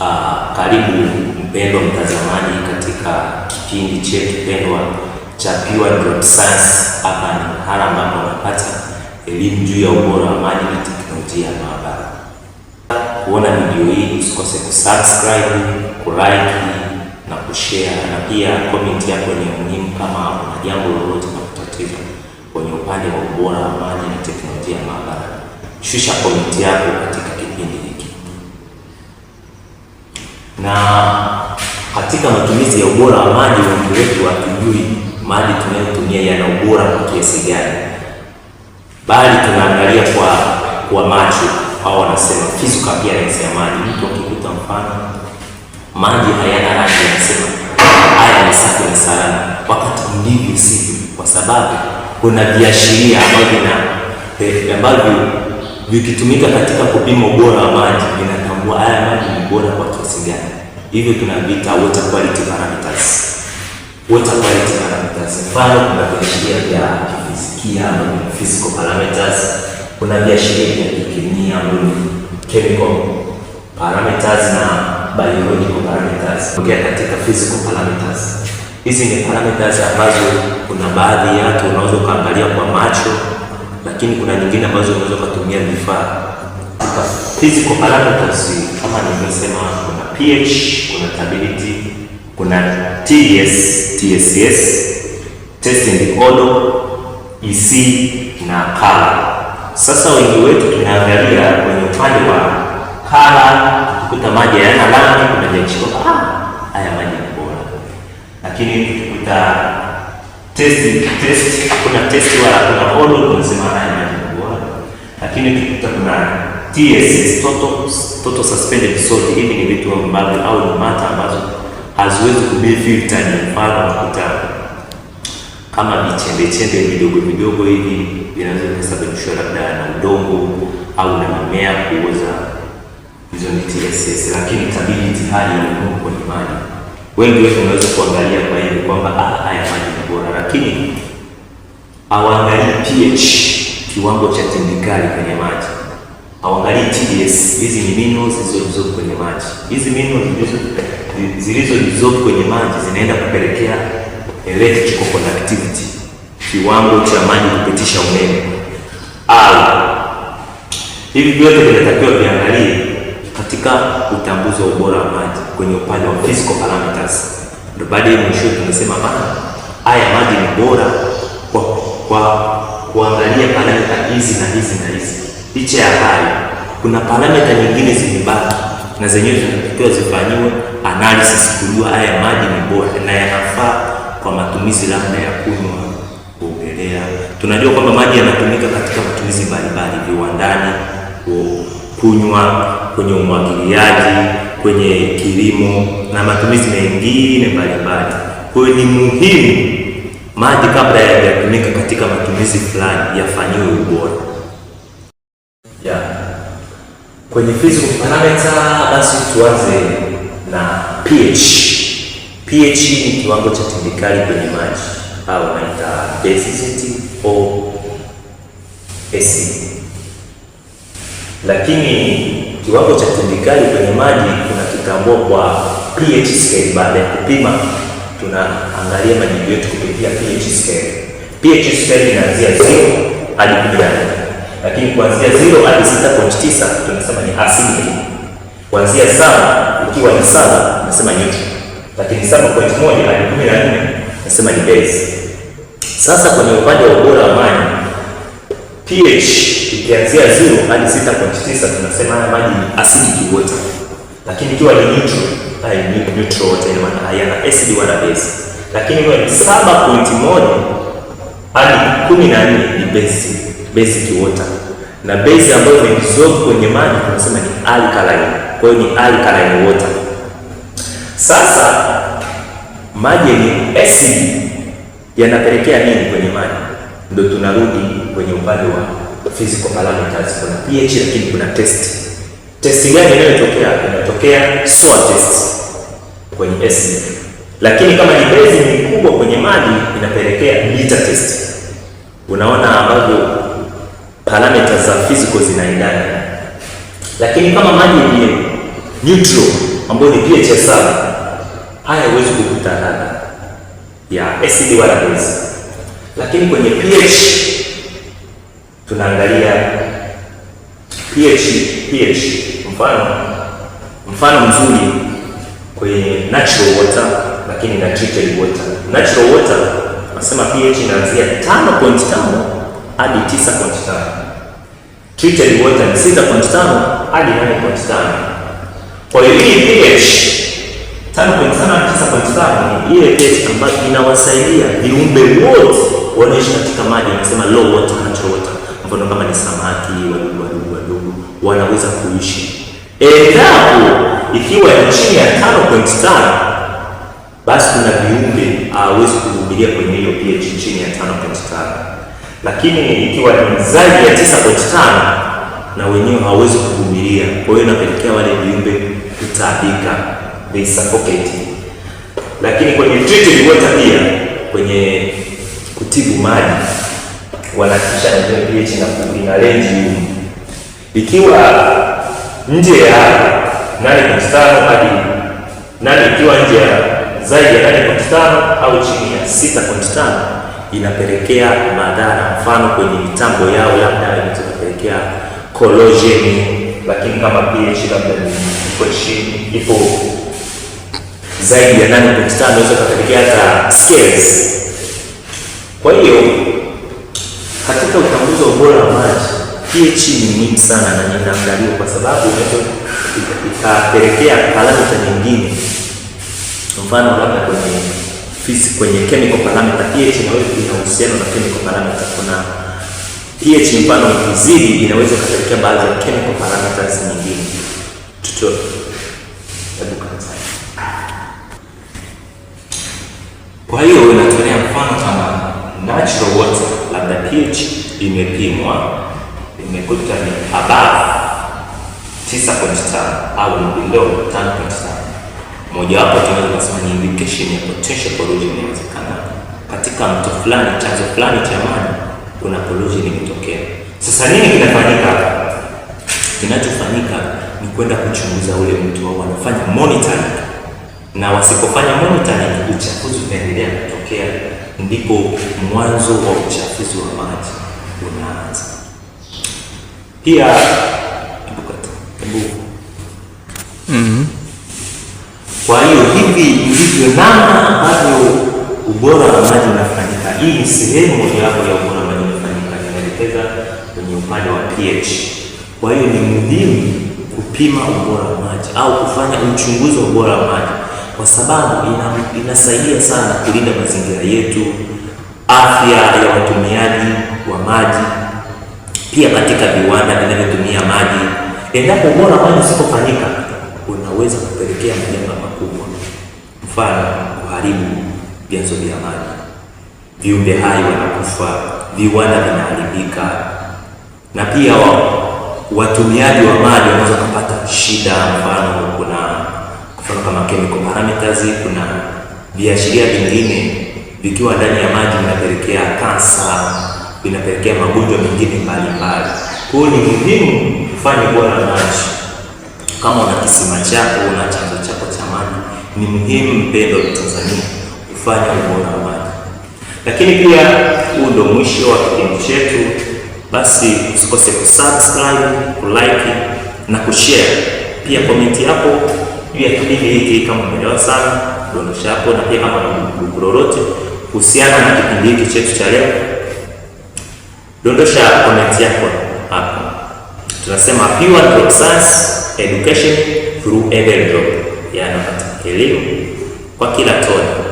Uh, karibu mpendwa mtazamaji katika kipindi chetu pendwa cha Pure Drop Science. Hapa ni mahala ambapo unapata elimu juu ya ubora wa maji na teknolojia ya maabara. Kuona video hii, usikose kusubscribe, kulike na kushare, na pia comment yako ni muhimu. Kama una jambo lolote na kutatiza kwenye upande wa ubora wa maji na teknolojia ya maabara, shusha comment yako katika na katika matumizi ya ubora wa maji, wengi wetu hatujui maji tunayotumia yana ubora kwa kiasi gani, bali tunaangalia kwa kwa macho au wanasema physical appearance ya maji. Mtu akikuta mfano maji hayana rangi, anasema haya ni safi na salama, wakati ndivyo sivyo, kwa sababu kuna viashiria ambavyo eh, vikitumika katika kupima ubora wa maji vina kutambua haya maji ni bora kwa kiasi gani. Hivyo tunaviita water quality parameters. Water quality parameters, mfano kuna viashiria vya kifizikia ambavyo ni physical parameters, kuna viashiria vya kikemia ambavyo ni chemical parameters na biological parameters. Tokea katika physical parameters, hizi ni parameters ambazo kuna baadhi yake unaweza ukaangalia kwa macho, lakini kuna nyingine ambazo unaweza ukatumia vifaa physical parameters kama nilivyosema, kuna pH, kuna turbidity, kuna TS, TSS, test and odor, EC na color. Sasa wengi wetu tunaangalia kwenye upande wa color, tukikuta maji hayana rangi, tunajichukua ah, haya maji ni bora, lakini tukikuta test test kuna test wala kuna odor, tunasema haya maji ni bora, lakini tukikuta kuna TSS, total, total suspended salt. Hivi ni vitu ambavyo au ni mata ambazo haziwezi kubili filter. Ni mfano nakuta kama chembe vidogo vidogo hivi vinaweza kusababishwa labda na udongo au na mimea kuoza, hizo ni TSS, lakini itabidi tihari ulimuu kwenye maji. Wengi wetu unaweza kuangalia kwa hivi kwamba ah, haya maji ni bora, lakini hawaangalii pH, kiwango cha tindikali kwenye maji hawangalii TDS. Hizi ni minerals zilizodissolve kwenye maji. Hizi minerals zilizodissolve kwenye maji zinaenda kupelekea electrical conductivity, kiwango cha maji kupitisha umeme, au hivi vyote vinatakiwa viangalie katika utambuzi wa ubora wa maji kwenye upande wa physical parameters. Ndio baadaye mwisho tunasema bana, haya maji ni bora kwa kwa kuangalia parameta hizi na hizi na hizi Licha ya hayo, kuna parameta nyingine zimebaki na zenyewe zinatakiwa zifanyiwe analysis kujua haya maji ni bora na yanafaa kwa matumizi labda ya kunywa, kuogelea. Tunajua kwamba maji yanatumika katika matumizi mbalimbali, viwandani, kunywa, kwenye umwagiliaji, kwenye kilimo na matumizi mengine mbalimbali. Kwa hiyo ni muhimu maji kabla hayajatumika katika matumizi fulani yafanyiwe ubora. Kwenye physical parameter basi tuanze na pH. pH ni kiwango cha tindikali kwenye maji au naita basicity au acid. Lakini kiwango cha tindikali kwenye maji tunakitambua kwa pH scale. Baada ya kupima, tunaangalia majibu yetu kupitia pH scale. pH scale inaanzia 0 hadi 14 lakini kuanzia 0 hadi 6.9 tunasema ni asili, kuanzia saba ikiwa ni saba tunasema ni neutral, lakini 7.1 hadi 14 tunasema ni base. Sasa kwenye upande wa ubora wa maji pH ikianzia 0 hadi 6.9 tunasema haya maji ni acidic water, lakini ikiwa ni neutral, haya ni neutral water, ina yaani maana hayana acid wala base, lakini kwa 7.1 hadi 14 ni base basic water, na base ambayo ni dissolve kwenye maji tunasema ni alkaline. Kwa hiyo ni alkaline water. Sasa maji yenye acid yanapelekea nini kwenye maji? Ndio tunarudi kwenye upande wa physical parameters. Kuna pH lakini kuna test. Test gani inayotokea? Inatokea salt test kwenye acid, lakini kama ni base ni kubwa kwenye maji inapelekea bitter test. Unaona ambavyo parameta za physical zinaendana, lakini kama maji yenyewe neutral ambayo ni pH ya saba, haya huwezi kukutana ya acid wala base, lakini kwenye pH tunaangalia pH pH. Mfano mfano mzuri kwenye natural water, lakini na treated water. Natural water nasema pH inaanzia 5.5 hadi 9.5. Treated water ni 6.5 hadi 8.5. Kwa hiyo hii pH 5.5 na 9.5 ni ile pH ambayo inawasaidia viumbe wote wanaishi katika maji, anasema low water, natural water. Mfano kama ni samaki, wadudu wadogo wadogo wanaweza kuishi. Endapo ikiwa chini ya 5.5 basi kuna viumbe hawezi kuvumilia kwenye hiyo pH chini ya 5.5 lakini ikiwa ni zaidi ya 9.5 na wenyewe hawawezi kuvumilia, kwa hiyo inapelekea wale viumbe kutaabika, they suffocate. Lakini kwenye treated water pia, kwenye kutibu maji wanakisha pH na range ikiwa nje ya 8.5 hadi 8, ikiwa nje ya zaidi ya 8.5 au chini ya 6.5 inapelekea madhara, mfano kwenye mitambo yao labda inapelekea kolojeni, lakini kama pH labda iko chini, ipo zaidi ya 8.5 inaweza kupelekea hata scales. Kwa hiyo katika utambuzi wa ubora wa maji pH ni muhimu sana na inaangaliwa kwa sababu inaweza ikapelekea paramita nyingine, mfano labda kwenye fisi kwenye chemical parameter. pH inaweza ina uhusiano na chemical parameter. Kuna pH mfano ikizidi inaweza ikapelekea baadhi ya chemical parameters nyingine. Tutorial. Kwa hiyo inatolea mfano kama natural water labda pH imepimwa imekuta ni above 9.5 au below 5.5, mojawapo tunaweza kusema ni condition ya potential pollution inawezekana katika mto fulani, chanzo fulani cha maji kuna pollution imetokea. Sasa nini kinafanyika? Kinachofanyika ni kwenda kuchunguza ule mtu, au wanafanya monitoring, na wasipofanya monitoring, uchafuzi unaendelea kutokea, ndipo mwanzo wa uchafuzi wa maji unaanza. Pia hebu mm -hmm. Kwa hiyo hivi ndivyo namna ambavyo ubora wa maji unafanyika. Hii ni sehemu mojawapo ya ubora wa maji unafanyika, inaelekeza kwenye upande wa pH. Kwa hiyo ni muhimu kupima ubora wa maji au kufanya uchunguzi wa ubora wa maji, kwa sababu ina, inasaidia sana kulinda mazingira yetu, afya ya watumiaji wa maji, pia katika viwanda vinavyotumia maji. Endapo ubora wa maji usipofanyika yanaweza kupelekea majanga makubwa, mfano kuharibu vyanzo vya maji, viumbe hai wanakufa, viwanda vinaharibika, na pia watumiaji wa maji wanaweza kupata shida. Mfano kuna mfano kama chemical parameters, kuna viashiria vingine vikiwa ndani ya maji vinapelekea kansa, vinapelekea magonjwa mengine mbalimbali. Kwa hiyo ni muhimu kufanya bora maji. Kama una kisima chako una chanzo chako cha maji, ni muhimu mpendo wa Tanzania kufanya ubora wa maji. Lakini pia huu ndio mwisho wa kipindi chetu, basi usikose kusubscribe, kulike na kushare, pia komenti yako juu ya kipindi hiki kama umeelewa sana dondosha hapo, na pia kama dugu lolote kuhusiana na kipindi hiki chetu cha leo, dondosha komenti yako hapa. Tunasema pure drop science education through every drop, yani elimu kwa kila tone.